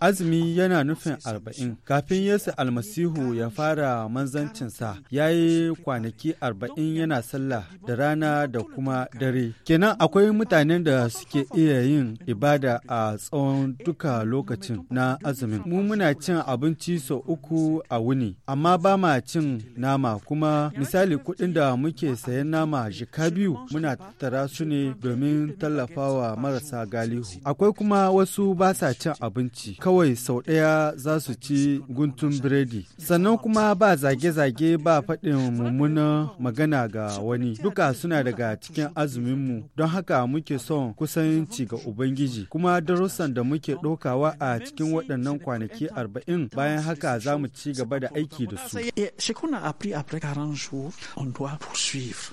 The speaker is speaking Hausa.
Azumi yana nufin arba'in. Kafin Yesu almasihu ya fara manzancinsa, ya yi kwanaki arba'in yana sallah da rana da kuma dare. Kenan akwai mutanen da suke iya yin ibada a tsawon duka lokacin na azumin. Mu muna cin abinci sau uku a wuni, amma ba ma cin nama kuma misali kuɗin da muke sayan nama jika biyu muna tattara su ne domin tallafawa marasa galihu. Akwai Akwai kuma wasu ba sa cin abinci, kawai sau ɗaya za su ci guntun biredi. Sannan kuma ba zage-zage ba faɗin mummunan magana ga wani. Duka suna daga cikin mu don haka muke son kusanci ga Ubangiji. Kuma darussan da muke ɗaukawa a cikin waɗannan kwanaki arba'in bayan haka za mu ci gaba da aiki da su.